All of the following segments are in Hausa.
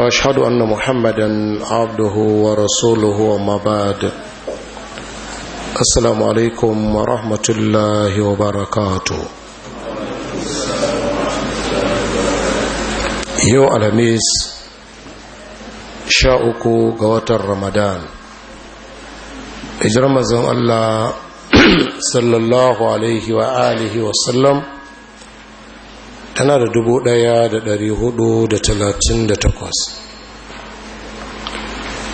واشهد ان محمدا عبده ورسوله وما بعد السلام عليكم ورحمه الله وبركاته yau alhamis sha uku ga watan ramadan hijirar mazan allah sallallahu alaihi wa alihi tana da dubu ɗaya da ɗari hudu da talatin da takwas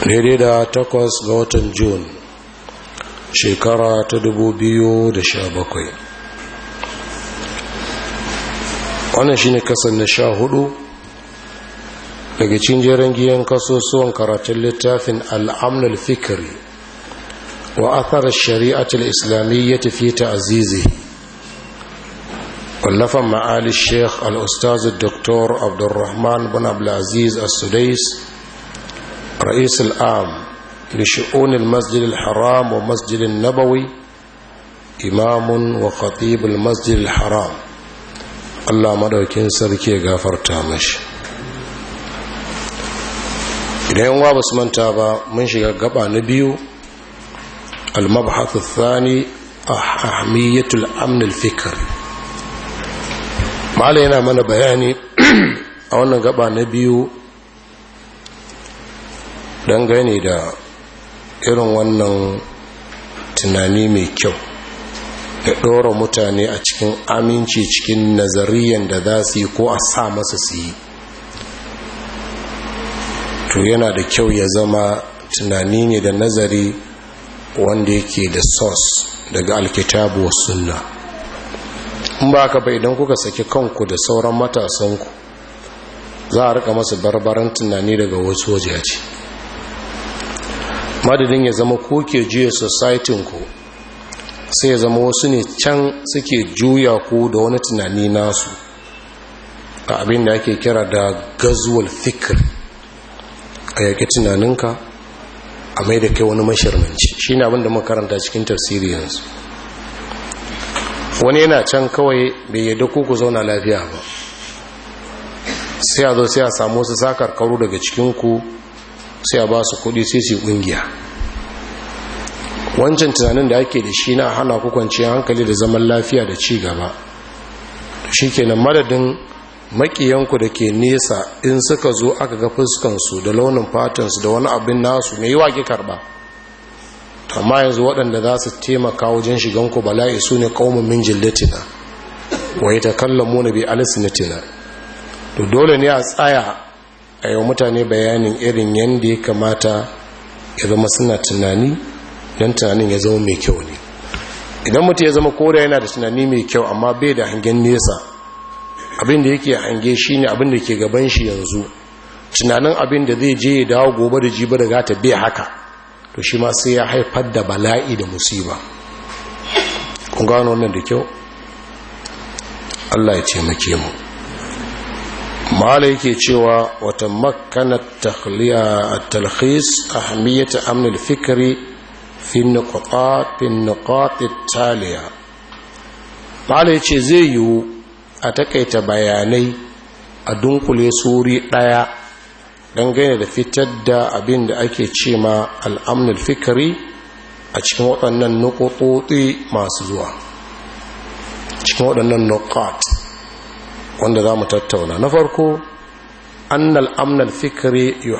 daidai da takwas ga watan Jun shekara ta dubu biyu da sha bakwai wannan shi ne kasan na sha hudu daga cinjeren giyan kasusuwan karatun littafin al'amnul fikiri wa athar shari'atul islamiyyati fi azizi. واللف معالي الشيخ الأستاذ الدكتور عبد الرحمن بن عبد العزيز السديس رئيس العام لشؤون المسجد الحرام ومسجد النبوي إمام وخطيب المسجد الحرام الله مدوكين سركي غافر تامش idan yan ba su manta ba mun shiga gaba na biyu al-mabhath mala yana mana bayani a wannan gaba na biyu don gani da irin wannan tunani mai kyau da ɗora mutane a cikin aminci cikin nazariyan da za su yi ko a sa masa su yi to yana da kyau ya zama tunani ne da nazari wanda yake da sos daga alkitabu wa sunna in ba ka bai don kuka saki kanku da sauran matasanku za a rika masu barbaran tunani daga wasu wajaji madadin ya zama ko ke juya societinku sai ya zama wasu ne can suke juya ku da wani tunani nasu a abin da ake kira da gazuwal fikir a yake tunaninka a mai da kai wani mashirmanci shi ne abin da makaranta cikin tafsiri yanzu wani yana can kawai bai yadda kuku ku zauna lafiya ba sai a zo sai a samu su sakar sakarkaru daga cikinku sai a ba su kudi sai su kungiya wancan tunanin da ake da shi na hana ku hankali da zaman lafiya da ci gaba shi kenan madadin makiyanku da ke nesa in suka zo aka ga fuskansu da launin fatansu da wani abin nasu mai yi wa ki karba amma yanzu waɗanda za su taimaka wajen shiganku bala'i su ne ƙaumin min jillatina wa yi kallon muna bi alisinatina to dole ne a tsaya a yau mutane bayanin irin yadda ya kamata ya zama suna tunani don tunanin ya zama mai kyau ne idan mutu ya zama koda yana da tunani mai kyau amma bai da hangen nesa abin da yake hange shi ne abin ke gaban shi yanzu tunanin abin da zai je ya dawo gobe da jibi da gata bai haka to shi ma sai ya haifar da bala'i da musiba kun gano wannan da kyau Allah ya taimake mu mala yake cewa wata makkanar talhis ahamiyyata amnul fikri fi nukwatid taliya mala yace ce zai yiwu a takaita bayanai a dunkule suri ɗaya dangane da fitar da abin da ake ce ma al'amnul fikiri a cikin waɗannan nukutsotsi masu zuwa cikin waɗannan nukat wanda za mu tattauna na farko annal amnal fikiri yi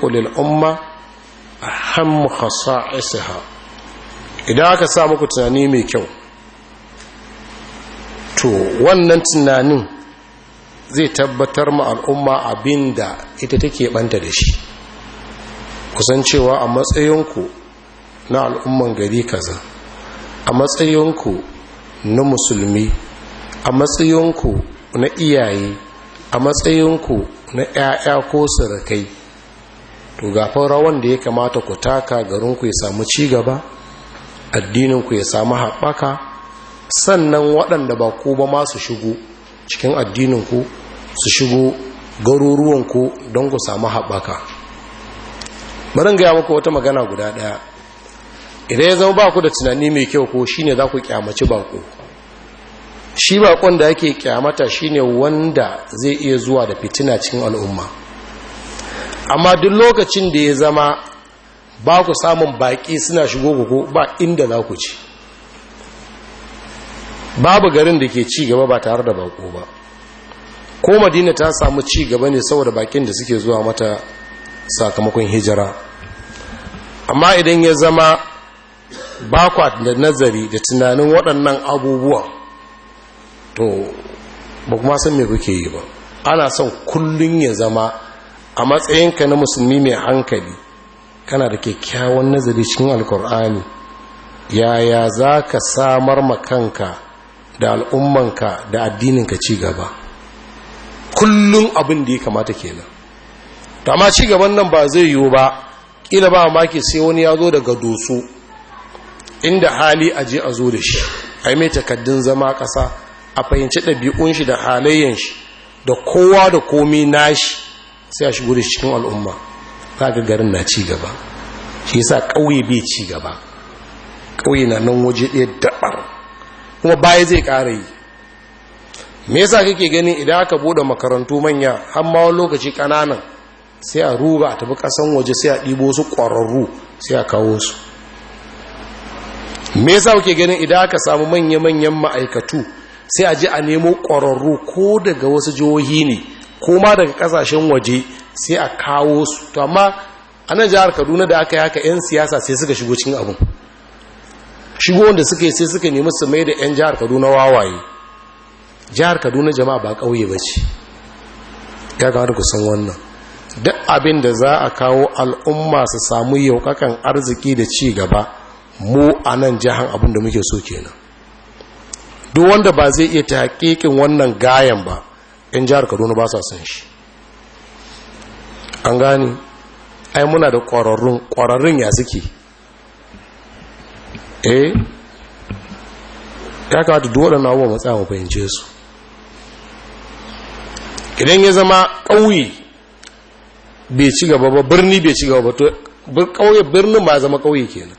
ƙulil umma a hammu khasa'isiha idan aka sa muku tunani mai kyau to wannan tunanin zai tabbatar ma al'umma abin da ita take banta da shi kusancewa a matsayinku na al'umman gari kaza a matsayinku na musulmi a matsayinku na iyaye a matsayinku na 'ya'ya ko surakai to gafin rawan da ya kamata ku taka garinku ya samu cigaba addininku ya samu haɓaka sannan waɗanda ba ku ba masu shigo cikin addininku su shigo garuruwanku don ku samu haɓaka barin gaya muku wata magana guda ɗaya idan ya zama ba ku da tunani mai kyau ko shine za ku kyamaci baƙo shi baƙon da ake kyamata shine wanda zai iya zuwa da fitina cikin al'umma amma duk lokacin da ya zama ba ku samun baƙi suna shigo ku ba inda za ku ci babu garin da ke ci gaba ba tare da bako ba ko madina ta samu ci gaba ne saboda bakin da suke zuwa mata sakamakon hijira amma idan ya zama bakwa da nazari da tunanin waɗannan abubuwa to ba kuma san me kuke yi ba ana son kullun ya zama a matsayinka na musulmi mai hankali kana da kyakkyawan nazari cikin alkur'ani yaya za ka samar makanka da al'ummanka da addininka ci gaba kullum abin da ya kamata kenan to amma ci gaban nan ba zai yiwu ba kila ba maki sai wani ya zo daga doso inda hali a je a zo da shi a mai takaddun zama ƙasa a fahimci ɗabi'un shi da halayyan shi da kowa da komi nashi sai a shigo da cikin al'umma za ga garin na ci gaba shi yasa ƙauye bai ci gaba ƙauye na nan waje ɗaya daɓar kuma baya zai ƙara yi me yasa kake gani idan aka bude makarantu manya har ma wani lokaci kananan sai a ruga a tafi kasan waje sai a ɗibo su ƙwararru sai a kawo su me yasa kake ganin idan aka samu manya-manyan ma'aikatu sai a ji a nemo ƙwararru ko daga wasu jihohi ne ko ma daga kasashen waje sai a kawo su to amma a nan jihar kaduna da aka yi haka 'yan siyasa sai suka shigo cikin abin shigo wanda suka yi sai suka nemi su mai da 'yan jihar kaduna wawaye jihar kaduna jama'a ba ƙauye ba ce ya kamata ku san wannan duk abin da za a kawo al'umma su samu yaukakan arziki da ci gaba mu a nan jihar abin da muke so kenan duk wanda ba zai iya ta hakikin wannan gayan ba 'yan jihar kaduna ba sa san shi an gani ai muna da ƙwararrun ƙwararrun ya suke eh ya kawata duk waɗannan abubuwa matsa mu fahimce su idan ya zama ƙauye bai ci gaba ba birni bai ci gaba ba to ƙauye birnin ba zama ƙauye kenan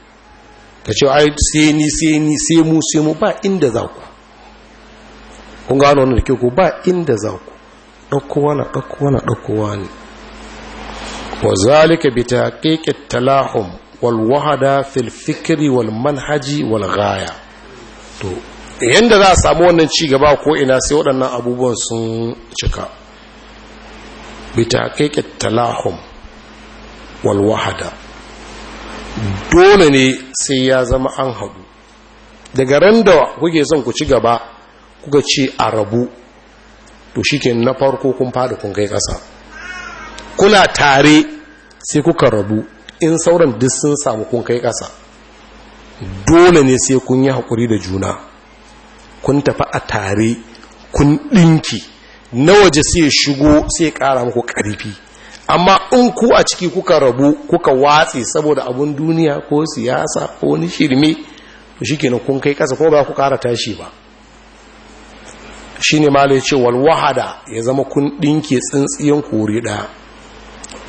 ka ce ai sai ni sai ni sai mu sai mu ba inda za ku kun gano wani da ke ku ba inda za ku ɗaukowa na ɗaukowa na ɗaukowa ne wa zalika bi taqiqit talahum walwahada filfikiri walmanhaji wal manhaji to yanda za a samu wannan ci gaba ko ina sai waɗannan abubuwan sun cika bita keke talahum wal dole ne sai ya zama an haɗu daga ran da kuke son ku ci gaba kuka ce a rabu to shike na farko kun faɗi kun kai ƙasa kuna tare sai kuka rabu in sauran duk sun samu kun kai ƙasa dole ne sai kun yi haƙuri da juna kun tafi a tare kun ɗinki na waje sai shigo sai ƙara muku ƙarfi amma in ku a ciki kuka rabu kuka watsi saboda abun duniya ko siyasa ko wani shirme to shi kenan kun kai ƙasa ko ba ku ƙara tashi ba shi ne ma ce walwahada ya zama kun ɗinke tsintsiyan kori ɗaya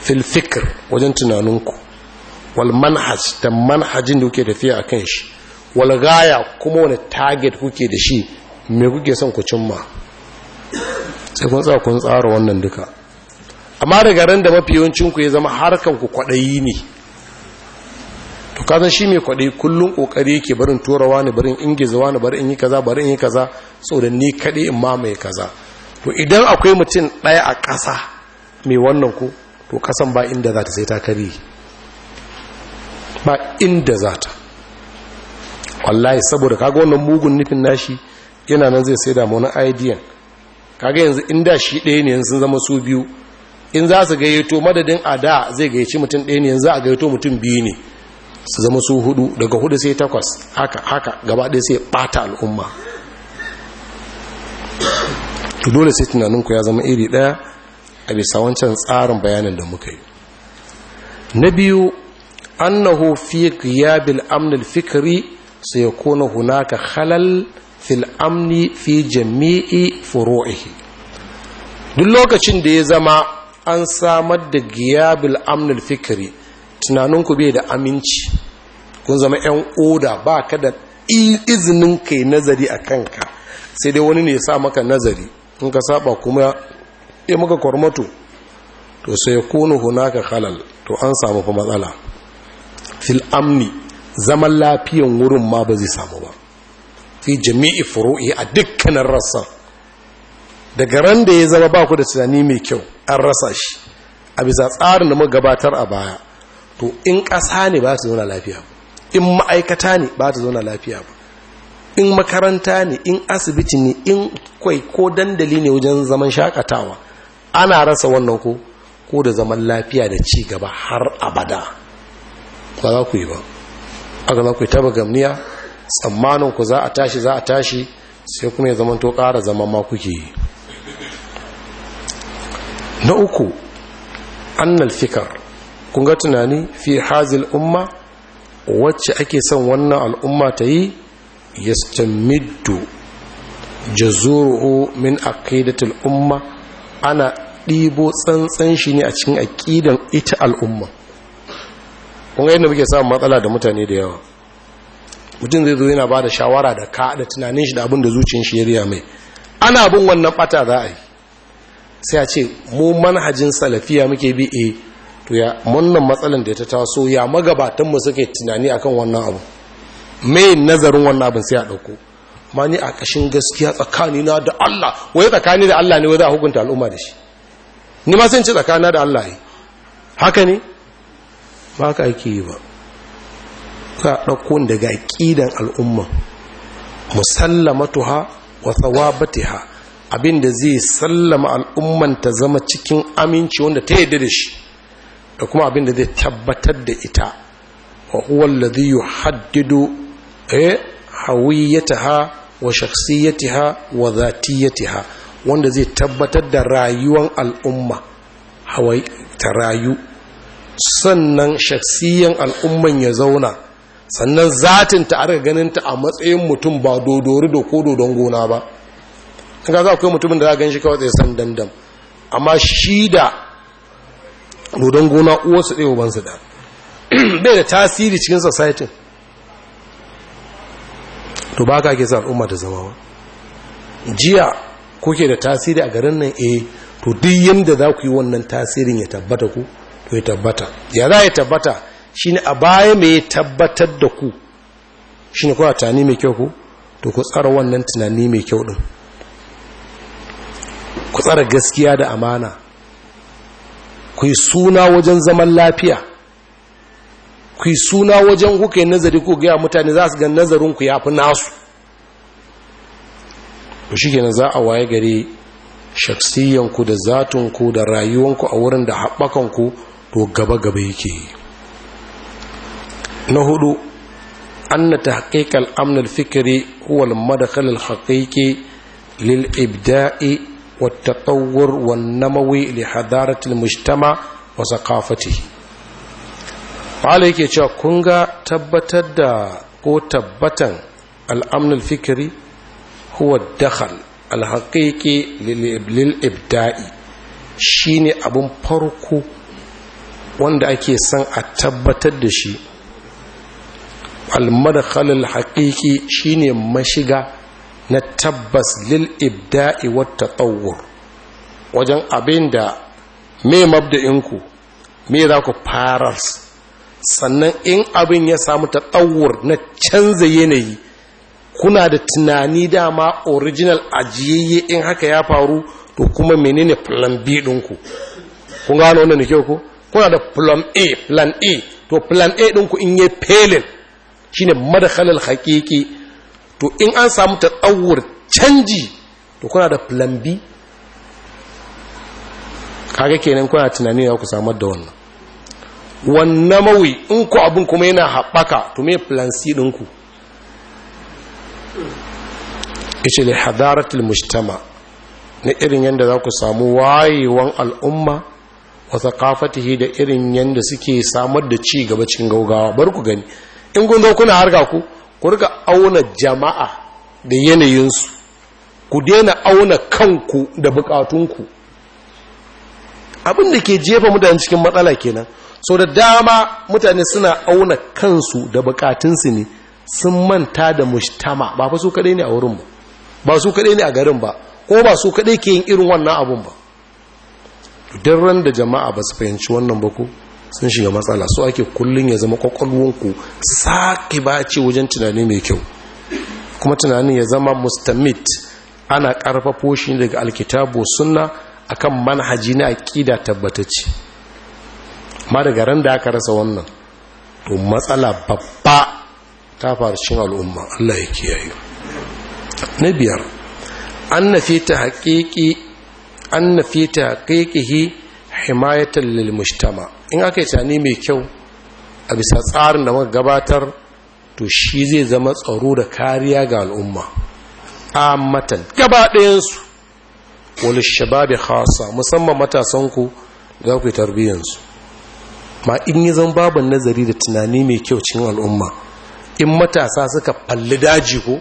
filfikir wajen tunaninku wal manhaj da manhajin da kuke tafiya a kan shi wal gaya kuma wani target kuke da shi me kuke son ku cimma sai kun tsaya kun tsara wannan duka amma daga ran da mafi yawancin ya zama harkan ku kwaɗayi ne to kazan shi mai kwaɗayi kullum kokari yake barin turawa ne barin ingiza ne barin yi kaza barin yi kaza saboda ni kadai in ma mai kaza to idan akwai mutum ɗaya a ƙasa mai wannan ku to kasan ba inda za ta sai ta kare ba inda za ta wallahi saboda kaga wannan mugun nufin nashi yana nan zai sai da wani IDN, kaga yanzu inda shi ɗaya ne yanzu zama su biyu in za su gayyato madadin a da zai gayyaci mutum ɗaya ne yanzu a gayyato mutum biyu ne su zama su hudu daga hudu sai takwas haka haka gaba ɗaya sai ɓata al'umma dole sai tunaninku ya zama iri ɗaya a bisa wancan tsarin bayanin da muka yi na biyu annahu fi qiyabil amn al fikri sayakuna hunaka khalal fil fi jami'i furu'ihi duk lokacin da ya zama an samar da giyabil amn al fikri tunaninku bai da aminci kun zama yan oda ba ka da izinin kai nazari a kanka sai dai wani ne ya sa maka nazari in ka saba kuma ya muka kwarmato to sai ya kunu hunaka halal to an samu fa matsala fil amni zaman lafiyan wurin ma ba zai samu ba fi jami'i furu'i a dukkanin rassan daga ran da ya zama ba ku da tunani mai kyau an rasa shi a bisa tsarin da mu gabatar a baya to in ƙasa ne ba ta zauna lafiya ba, in ma'aikata ne ba ta zauna lafiya ba in makaranta ne in asibiti ne in kwai ko dandali ne wajen zaman shakatawa ana rasa wannan ko ko da zaman lafiya da ci gaba har abada ba za ku yi ba aka za ku yi taba gamniya tsammanin ku za a tashi za a tashi sai kuma ya zama to ƙara zama ma kuke yi na uku annal fikar kun tunani fi hazil umma wacce ake son wannan al'umma ta yi ya yastamiddu jazuruhu min aqidatil umma ana ɗibo tsantsan shi ne a cikin aƙidan ita al'umma kun ga yadda muke samun matsala da mutane da yawa mutum zai zo yana ba da shawara da ka da tunanin shi da abin da zuciyar shi ya riya mai ana bin wannan bata za a yi sai a ce mu manhajin salafiya muke bi e to ya wannan matsalan da ta taso ya magabatan mu suke tunani akan wannan abu mai nazarin wannan abin sai a dauko ma ni a kashin gaskiya tsakani na da Allah waye tsakani da Allah ne waye za a hukunta al'umma da shi ni ma sai in ci tsakana da Allah ne haka ne ba ka ake yi ba ka ɗauko daga ƙidan al'umma musallamatuha wa thawabatiha abinda zai sallama al'umman ta zama cikin aminci wanda ta yarda da shi da kuma abinda zai tabbatar da ita wa huwa alladhi yuhaddidu eh hawiyataha wa shakhsiyataha wa ha. wanda zai tabbatar da rayuwar al'umma hawai ta rayu sannan shaksiyan al'umman ya zauna sannan zatin ta arga ganin ta a matsayin mutum ba dodori da ko dodon gona ba ga za akwai mutumin da za a gan shi kawai tsaye san dandam amma shi da dodon gona uwarsu ɗaya su da bai da tasiri cikin society to ba ka ke sa al'umma da zama ba jiya kuke da tasiri a garin nan eh to duk yadda za ku yi wannan tasirin ya tabbata ku to ya tabbata ya za ya tabbata shi ne a baya mai tabbatar da ku shi ne kuwa tunani mai kyau ku to ku tsara wannan tunani mai kyau ɗin ku tsara gaskiya da amana ku yi suna wajen zaman lafiya ku yi suna wajen kuka nazari ko gaya mutane za su ga nazarinku ya fi nasu ku shi kenan za a waye gare shaksiyanku da zatunku da rayuwanku a wurin da haɓakanku to gaba-gaba yake yi na hudu an na ta haƙiƙa al'amnar fikiri huwal madakalar haƙiƙi lil'ibda'i wa tsawar wannamawi li hadaratul mujtama wa zakafati ƙwale yake cewa kun ga tabbatar da ko tabbatan al'amnar fikiri huwa dakal alhaƙiƙi lil shi ne abin farko wanda ake son a tabbatar da shi almadakhalul haqiqi shine mashiga na tabbas lil ibda'i wat tatawwur wajen abinda me mabda'inku me za ku farar sannan in abin ya samu tatawwur na canza yanayi kuna da tunani dama original ajiyayye in haka ya faru to kuma menene plan B ɗinku kun gano wannan da kyau ko kuna da plan a plan a to plan a ɗinku in yi felin shi ne madakhalar haƙiƙi to in an samu ta tsawar canji to kuna da plan b kaga kenan kuna tunani ya ku samar da wannan wannan mawi in ku abin kuma yana haɓaka to me plan c ɗinku ishe da hadaratul mujtama na irin yadda za ku samu wayewan al'umma wa da irin yadda suke samar da ci gaba cikin gaugawa bar ku gani in gundo kuna harka ku ku rika auna jama'a da yanayinsu ku daina auna kanku da bukatunku abin da ke jefa mutane cikin matsala kenan so da dama mutane suna auna kansu da bukatunsu ne sun manta da mushtama ba fa su kadai ne a wurin ba ba su kadai ne a garin ba ko ba su kadai ke yin irin wannan abun ba Don ran da jama'a ba su fahimci wannan ba ku sun shiga matsala so ake kullum ya zama kwakwalwunku sake ba ce wajen tunani mai kyau kuma tunanin ya zama mustamit ana karfafo shi daga alkitabu sunna akan manhaji na aqida tabbatacce amma daga ran da aka rasa wannan to matsala babba ta faru cikin al'umma Allah ya kiyaye na biyar an ta haƙiƙi anna fi ta kaikihi himayatar lilmustama in aka yi tani mai kyau a bisa tsarin da muka gabatar to shi zai zama tsaro da kariya ga al'umma matan gaba ɗayansu wani shababi khasa musamman matasanku za ku yi tarbiyyansu ma in yi zan babu nazari da tunani mai kyau cin al'umma in matasa suka falli daji ko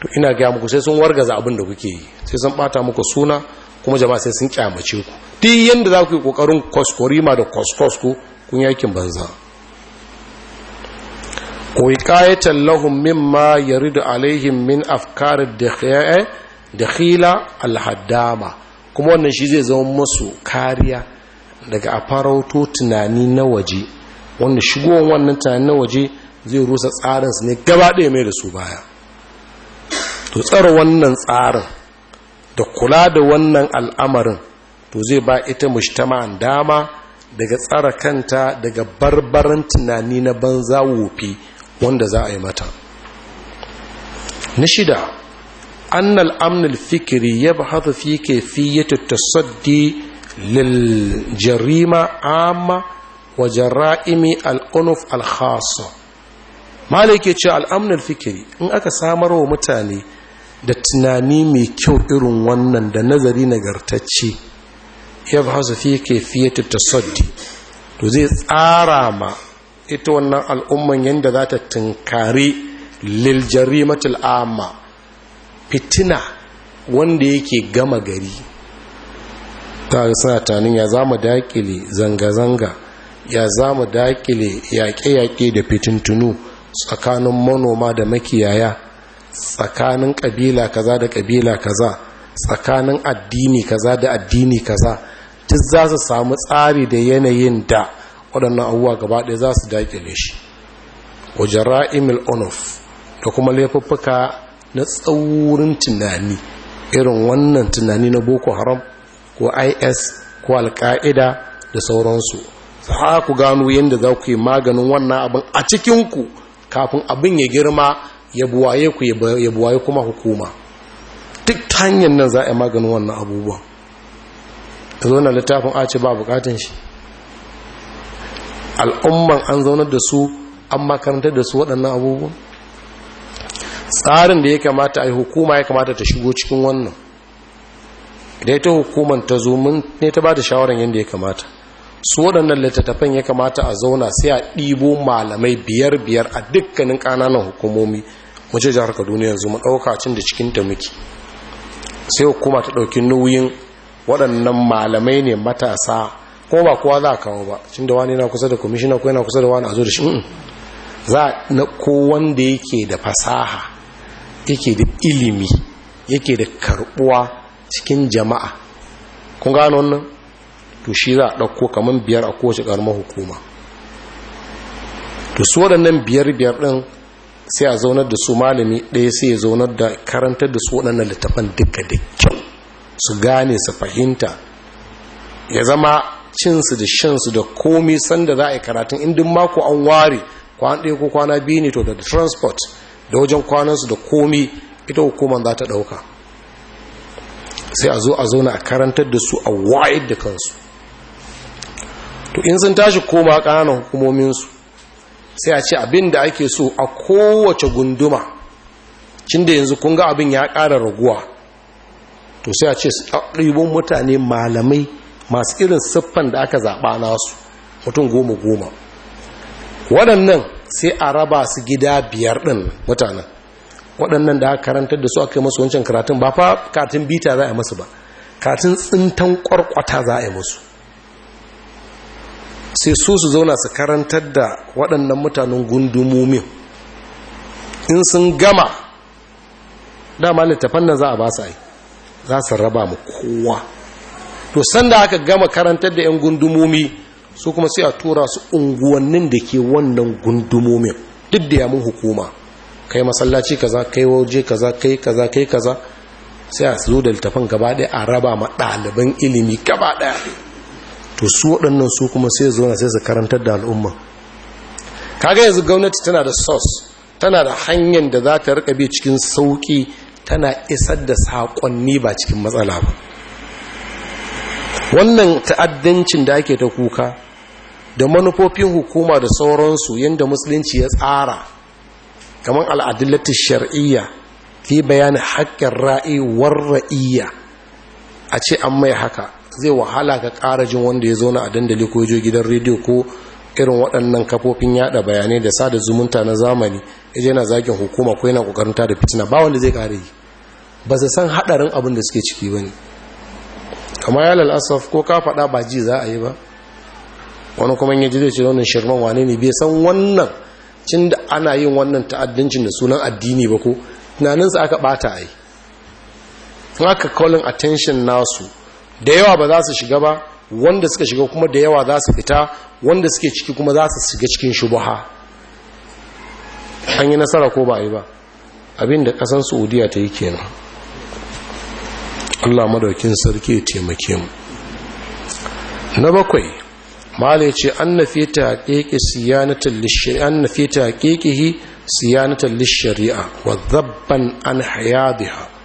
to ina gaya muku sai sun wargaza abin da kuke yi sai sun bata muku suna kuma jama'a sai sun kyamace ku duk yanda za ku yi kokarin kwaskwarima da kwaskwas ku kun yakin banza wiqayatan lahum mimma yaridu alaihim min afkar da dakhiya eh, dakhila kuma wannan shi zai zama masu kariya daga a farauto tunani na waje wanda shigowar wannan tunani na waje zai rusa tsarinsu ne gaba ɗaya mai da su baya to tsara wannan tsarin da kula da wannan al'amarin to zai ba ita mujtama'an dama daga tsara kanta daga barbaran tunani na banza wofi wanda za a yi mata na shida annal amnul fikiri ya bahatu fi kayfiyyati tasaddi lil jarima amma wa jara'imi al-unuf al ke ce al'amnul fikiri in aka samar wa mutane da tunani mai kyau irin wannan da nazari nagartacce ya fi hausa fiye ke fiye tattasaddi to zai tsara ma ita wannan al'umman yadda za ta tunkari liljari matul'amma fitina wanda yake gama gari ta suna tanin ya za mu dakile zanga-zanga ya za mu dakile yaƙe-yaƙe da fitintunu tsakanin manoma da makiyaya tsakanin ƙabila kaza da ƙabila kaza tsakanin addini kaza da addini kaza duk za su samu tsari da yanayin da waɗannan abubuwa gaba ɗaya za su daƙile shi wajen ra'imil onof da kuma laifuffuka na tsaurin tunani irin wannan tunani na boko haram ko is ko alka'ida da sauransu za ku gano yadda za ku yi maganin wannan abin a cikinku kafin abin ya girma ya buwaye ku ya buwaye kuma hukuma duk ta hanyar nan za a yi maganin wannan abubuwan ta zo na littafin a ce ba bukatun shi al'umman an zaunar da su an makarantar da su waɗannan abubuwan tsarin da ya kamata a yi hukuma ya kamata ta shigo cikin wannan idan ta hukuman ta zo mun ne ta ba da shawarar yadda ya kamata su waɗannan littattafan ya kamata a zauna sai a ɗibo malamai biyar biyar a dukkanin ƙananan hukumomi mu je jihar kaduna yanzu mu ɗauka cin da cikin ta muke sai hukuma ta ɗauki nauyin waɗannan malamai ne matasa ko ba kowa za a kawo ba cin da wani na kusa da kwamishina ko yana kusa da wani a zo da shi za na ko wanda yake da fasaha yake da ilimi yake da karbuwa cikin jama'a kun gano wannan to shi za a ɗauko kamar biyar a kowace ƙarmar hukuma to su waɗannan biyar biyar ɗin sai a zaunar da su malami ɗaya sai ya zaunar da karantar da su waɗannan littafan duka da kyau su gane su fahimta ya zama cinsu da shansu da komi sanda za a yi karatun indin mako an ware kwan ɗaya ko kwana biyu ne to da transport da wajen kwanansu da komi ita hukumar za ta ɗauka sai a zo a zauna a karantar da su a wayar da kansu to in sun tashi koma ƙananan hukumominsu sai a ce abin da ake so a kowace gunduma cin yanzu kun ga abin ya ƙara raguwa to sai a ce ɗibin mutane malamai masu irin siffan da aka zaɓa nasu mutum goma goma waɗannan sai a raba su gida biyar ɗin mutanen waɗannan da aka karantar da su aka yi masu wancan karatun ba fa katin bita za a yi masu ba katin tsintan ƙwarƙwata za a yi masu sai su su zauna su karantar da waɗannan mutanen gundumomin in sun gama dama littafan nan za a ba su za su raba mu kowa to sanda aka gama karantar da 'yan gundumomi su kuma sai a tura su unguwannin da ke wannan gundumomin duk da yamun hukuma kai masallaci kaza kai waje kaza kai kaza kai kaza sai a zo da littafan gaba ɗaya a raba ma ɗaliban ilimi gaba ɗaya to su waɗannan su kuma sai zuwa sai su karantar da al'umma kaga yanzu gwamnati tana da source tana da hanyar da za ta rika bi cikin sauki tana isar da saƙonni ba cikin matsala ba wannan ta'addancin da ake ta kuka da manufofin hukuma da sauransu yadda musulunci ya tsara kamar al'adillatu shar'iyya ke bayanin haƙƙin ra'i war ra'iyya a ce an mai haka zai wahala ka ƙara jin wanda ya zauna a dandali ko ya gidan rediyo ko irin waɗannan kafofin yada bayanai da sada zumunta na zamani ya je na zagin hukuma ko yana ƙoƙarin da fitina ba wanda zai ƙara yi ba su san haɗarin abin da suke ciki ba ne kamar ya lalasaf ko ka faɗa ba ji za a yi ba wani kuma ya ji zai ce wannan shirman wane ne bai san wannan cin da ana yin wannan ta'addancin da sunan addini ba ko tunaninsa aka ɓata a yi aka calling attention nasu da yawa ba za su shiga ba wanda suka shiga kuma da yawa za su fita wanda suke ciki kuma za su shiga cikin shubuha an yi nasara ko ba yi ba abinda kasan saudiya ta yi kenan allah madaukin sarki ya taimake mu na bakwai malai ce an na fita keke siyanatar lishari'a wa zabban an hayadiha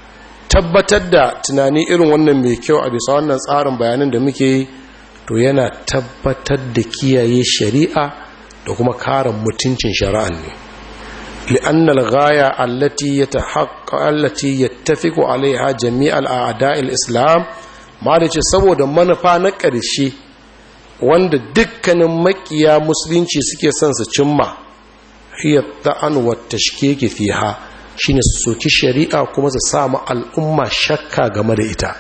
tabbatar da tunani irin wannan mai kyau a bisa wannan tsarin bayanan da muke yi to yana tabbatar da kiyaye shari'a da kuma kare mutuncin shari'an ne li'annal gaya allati haƙa allati yattafiqu alaiha jami'al a'da'il islam ma da ce saboda manufa na ƙarshe wanda dukkanin makiya musulunci suke son su cimma hiyar ta'an wa fi fiha shine su soki shari'a kuma su samu al'umma shakka game da ita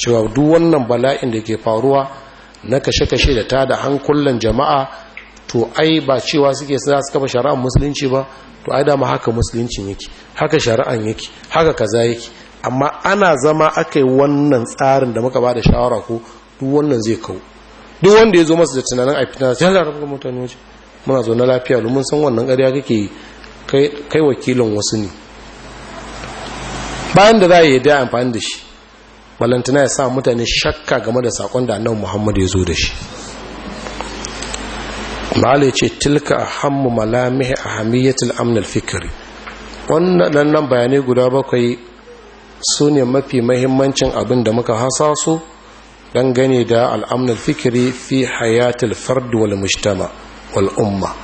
cewa duk wannan bala'in da ke faruwa na kashe-kashe da ta da hankulan jama'a to ai ba cewa suke sa su kafa shari'ar musulunci ba to ai dama haka musuluncin yake haka shari'an yake haka kaza yake amma ana zama aka wannan tsarin da muka ba da shawara ko duk wannan zai kawo duk wanda ya zo masa da tunanin a fitina sai zara rabu mutane waje muna zo na lafiya domin san wannan ƙarya kake yi. kai wakilin wasu ne bayan da za a yi da amfani da shi balantana ya sa mutane shakka game da sakon da annan muhammad ya zo da shi ma'ala ce tilka a hammu malamihi a hamiyyatul amnal fikiri wannan bayanai guda bakwai su ne mafi mahimmancin abin da muka hasa su dangane da al'amnal fikiri fi hayatul fard wal mujtama wal umma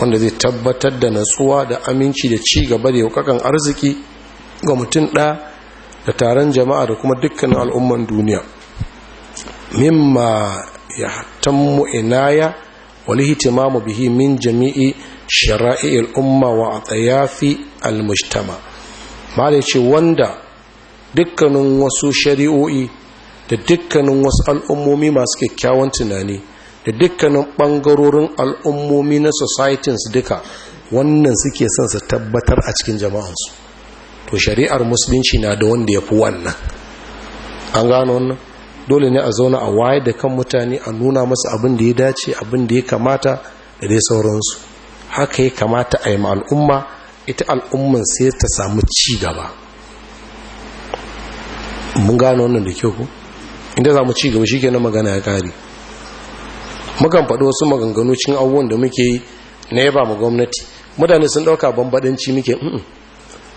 wanda zai tabbatar da natsuwa da aminci da ci gaba da yaukakan arziki ga mutum ɗaya da taron jama'a da kuma dukkan al'umman duniya mimma ya tammu inaya hitima mu bihi min jami'i shara'i'il al'umma wa a atayafi al-mujtama da ce wanda dukkanin wasu shari'o'i da dukkanin wasu al'ummomi masu kyakkyawan tunani da dukkanin ɓangarorin al'ummomi na su duka wannan suke son su tabbatar a cikin jama'ansu to shari'ar musulunci na da wanda ya fi wannan an gano wannan dole ne a zauna a waye da kan mutane a nuna masu abin da ya dace abin da ya kamata da dai sauransu haka ya kamata a yi ma al'umma ita al'umman sai ta samu ci gaba mun gano wannan da kyau ku inda za mu ci gaba shi ke na magana ya kare mukan faɗi wasu maganganu cin abubuwan da muke yi na yaba mu gwamnati mutane sun ɗauka bambaɗanci muke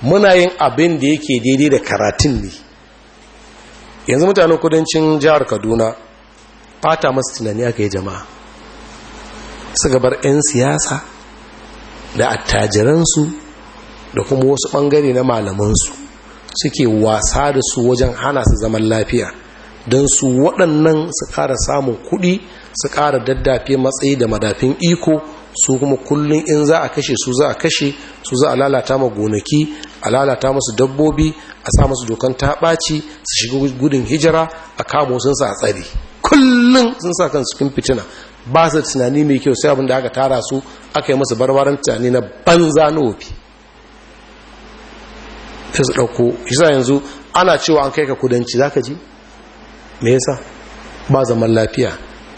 muna yin abin da yake daidai da karatun ne yanzu mutanen kudancin jihar kaduna fata masu tunani aka yi jama'a su bar 'yan siyasa da attajiransu da kuma wasu ɓangare na malamansu suke wasa da su wajen hana su zaman lafiya don su waɗannan su ƙara samun kuɗi su ƙara daddafe matsayi da madafin iko su kuma kullum in za a kashe su za a kashe su za a lalata ma gonaki a lalata masu dabbobi a sa masu dokan taɓaci su shiga gudun hijira a kamo sun sa a tsari kullum sun sa kan cikin fitina ba su tunani mai kyau sai abin da aka tara su aka yi masu barbaran tunani na banza na wofi ɗauko isa yanzu ana cewa an kai ka kudanci za ka ji me yasa ba zaman lafiya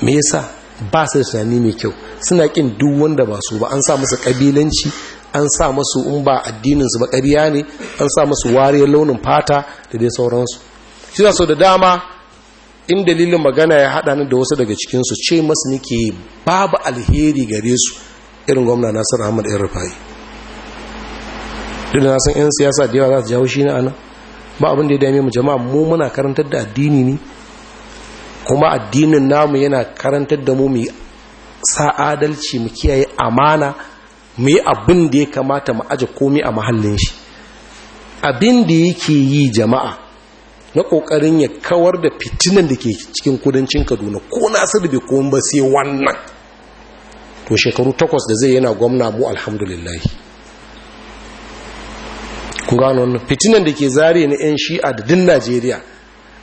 me yasa ba su da tunani mai kyau suna kin duk wanda ba su ba an sa musu kabilanci an sa musu in ba addinin su ba ƙarya ne an sa musu wariyar launin fata da dai sauransu shi su da dama in dalilin magana ya haɗa ni da wasu daga cikin su ce masu nake babu alheri gare su irin gwamna nasir ahmad yan rufai duk da na san 'yan siyasa da yawa za su jawo shi na ana ba abin da ya dame mu jama'a mu muna karantar da addini ne kuma addinin namu yana karantar da mu mu sa adalci mu kiyaye amana mu yi abin da ya kamata mu aje komai a mahallin shi abin da yake yi jama'a na kokarin ya kawar da fitinan da ke cikin kudancin Kaduna ko Nasiru bai komai ba sai wannan to shekaru takwas da zai yana gwamna mu alhamdulillah ku gano fitinan da ke zare na 'yan shi'a da din Najeriya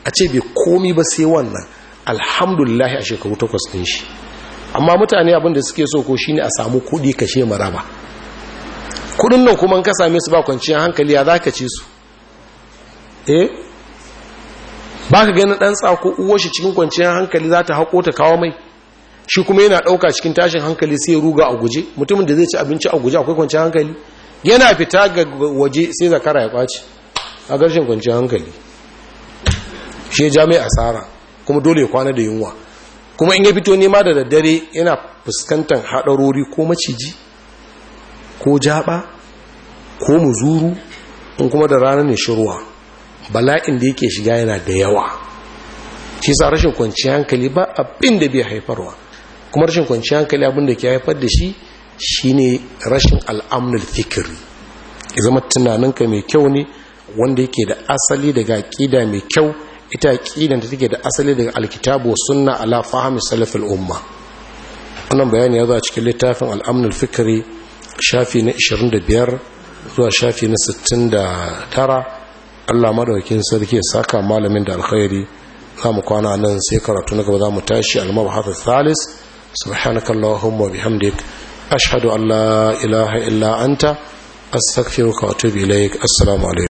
a ce bai komai ba sai wannan alhamdulillah a shekaru takwas ɗin shi amma mutane abin da suke so ko shine a samu kuɗi kashe maraba kuɗin nan kuma ka same su ba kwanciyar hankali ya za ka ce su eh ba ka ganin ɗan tsako uwa shi cikin kwanciyar hankali za ta haƙo ta kawo mai shi kuma yana ɗauka cikin tashin hankali sai ruga a guje mutumin da zai ci abinci a guje akwai kwanciyar hankali yana fita ga waje sai zakara ya kwaci a garshen kwanciyar hankali shi jami'a asara kuma dole ya kwana da yunwa kuma in ya fito nema da daddare yana fuskantar haɗarori ko maciji ko jaba ko muzuru in kuma da ranar ne shirwa bala'in da yake shiga yana da yawa shi sa rashin kwanciyar hankali ba abin da bai haifarwa kuma rashin kwanciyar hankali abin da ke haifar da shi shi ne rashin al'amnul fikiri ya zama tunaninka mai kyau ne wanda yake da asali daga ƙida mai kyau ita aqidan da take da asali daga alkitabu sunna ala fahmi salafil umma wannan bayani ya zo a cikin littafin al-amn al-fikri shafi na 25 zuwa shafi na 69 Allah madaukakin sarki ya saka malamin da alkhairi zamu kwana nan sai karatu na gaba zamu tashi al-mabhath al-thalis subhanakallahumma wa bihamdik ashhadu an la ilaha illa anta astaghfiruka wa atubu ilaik assalamu alaikum